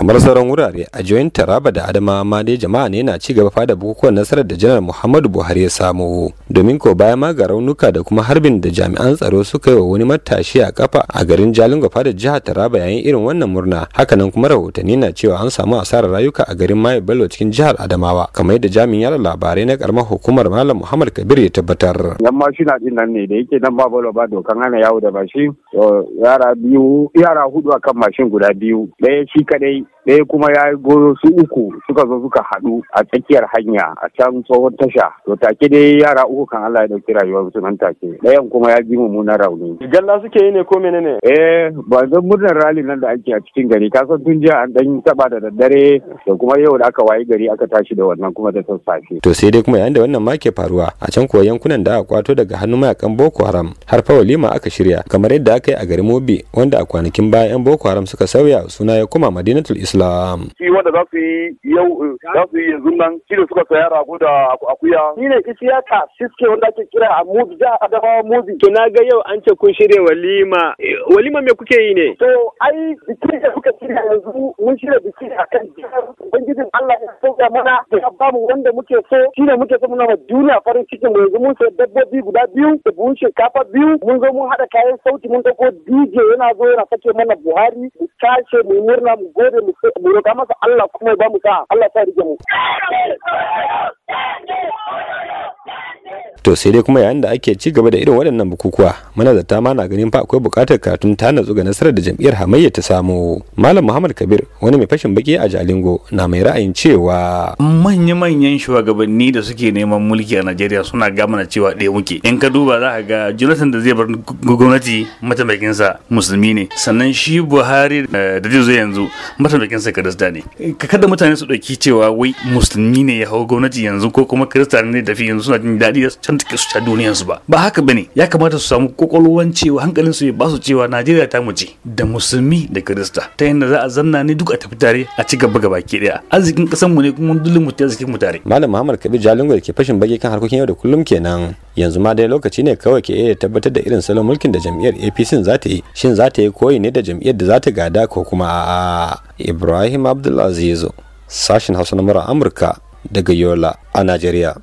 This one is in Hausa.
kamar sauran wurare a join taraba da adama ma dai jama'a ne na ci gaba fada bukukuwan nasarar da janar muhammadu buhari ya samu domin ko baya ma ga raunuka da kuma harbin da jami'an tsaro suka yi wa wani matashi a kafa a garin jalingo da jihar taraba yayin irin wannan murna hakanan kuma rahotanni na cewa an samu asarar rayuka a garin mayo bello cikin jihar adamawa kamar yadda jami'in yada labarai na karamar hukumar malam muhammad kabir ya tabbatar yan mashina din nan ne da yake nan ba bello ba dokan hana yawo da mashin yara biyu yara hudu akan mashin guda biyu ɗaya shi kadai ɗaya kuma ya goyo su uku suka zo suka haɗu a tsakiyar hanya a can tsohon tasha to take dai yara uku kan Allah ya dauki rayuwar su nan take dayan kuma ya ji mummunan rauni galla suke yi ne ko menene eh ba zan murnar rally nan da ake a cikin gari ka san tun jiya an dan taba da daddare da kuma yau da aka wayi gari aka tashi da wannan kuma da sassafe to sai dai kuma yayin da wannan make faruwa a can kuwa yankunan da aka kwato daga hannun mayakan Boko Haram har fa walima aka shirya kamar yadda aka yi a garin Mobi wanda a kwanakin baya yan Boko Haram suka sauya suna ya koma Madinatul Islam shi wanda za su yi yau za su yi yanzu nan shi da suka saya rago da akuya shi ne shi suke wanda ake kira a mubi jihar adamawa mubi. to na ga yau an ce kun shirya walima walima me kuke yi ne. to ai bikin da kuka shirya yanzu mun shirya biki a kan jihar ubangijin allah ya sauya mana da ya mu wanda muke so shi ne muke so muna ma duniya farin cikin mu yanzu mun sayar dabbobi guda biyu da buhun shinkafa biyu mun zo mun haɗa kayan sauti mun ɗauko dj yana zo yana sake mana buhari mu tashi mu murna mu gode mu roƙa masa allah kuma ya bamu sa allah ta rike mu. to sai dai kuma yayin da ake ci gaba da irin waɗannan bukukuwa muna zata ma na ganin fa akwai buƙatar karatun ta natsu ga nasarar da jam'iyyar hamayya ta samu malam muhammad kabir wani mai fashin baki a jalingo na mai ra'ayin cewa manya-manyan shugabanni da suke neman mulki a najeriya suna gamana cewa ɗaya muke in ka duba za ka ga jonathan da zai bar gwamnati sa musulmi ne sannan shi buhari eh, da zai zo yanzu sa kirista ne ka kada mutane su ɗauki cewa wai musulmi ne ya hau gwamnati yanzu ko kuma kirista ne da fi yanzu suna jin daɗi take su ta duniyar su ba ba haka bane ya kamata su samu kokolwan cewa hankalin su ba su cewa Najeriya ta mu da musulmi da Kirista ta yadda za a zanna ne duk a tafi tare a ci gaba gaba ke daya arzikin kasan mu ne kuma dole mu ta arzikin mu tare Malam Muhammad Kabir Jalingo da ke fashin bage kan harkokin yau da kullum kenan yanzu ma dai lokaci ne kawai ke iya tabbatar da irin salon mulkin da jam'iyyar APC za ta yi shin za ta yi koyi ne da jam'iyyar da za ta gada ko kuma a Ibrahim Abdulaziz sashen Hausa na Amurka daga Yola a Najeriya